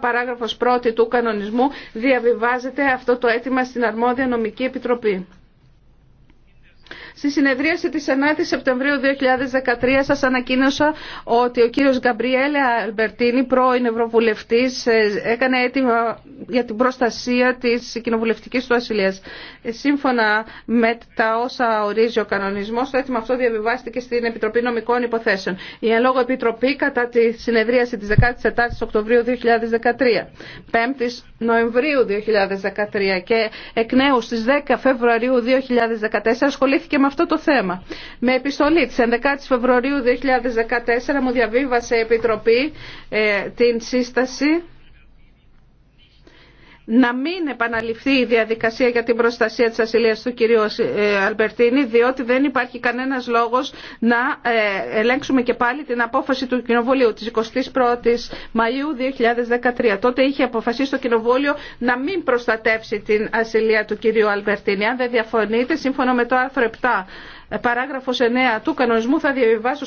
παράγραφος πρώτη του κανονισμού διαβιβάζεται αυτό το αίτημα στην αρμόδια νομική επιτροπή. Στη συνεδρίαση τη 9 η Σεπτεμβρίου 2013 σα ανακοίνωσα ότι ο κύριο Γκαμπριέλε Αλμπερτίνη, πρώην Ευρωβουλευτή, ε, έκανε αίτημα για την προστασία τη κοινοβουλευτική του ασυλία. Ε, σύμφωνα με τα όσα ορίζει ο κανονισμό, το αίτημα αυτό διαβιβάστηκε στην Επιτροπή Νομικών Υποθέσεων. Η εν λόγω Επιτροπή κατά τη συνεδρίαση τη 14 η Οκτωβρίου 2013, 5 η Νοεμβρίου 2013 και εκ νέου στι 10 Φεβρουαρίου 2014 ασχολήθηκε με αυτό το θέμα. Με επιστολή της 11 Φεβρουαρίου 2014 μου διαβίβασε η Επιτροπή ε, την σύσταση να μην επαναληφθεί η διαδικασία για την προστασία της ασυλίας του κυρίου ε, Αλμπερτίνη, διότι δεν υπάρχει κανένας λόγος να ε, ελέγξουμε και πάλι την απόφαση του Κοινοβουλίου της 21ης Μαΐου 2013. Τότε είχε αποφασίσει το Κοινοβούλιο να μην προστατεύσει την ασυλία του κυρίου Αλμπερτίνη. Αν δεν διαφωνείτε, σύμφωνα με το άρθρο 7, παράγραφος 9 του κανονισμού θα διαβιβάσω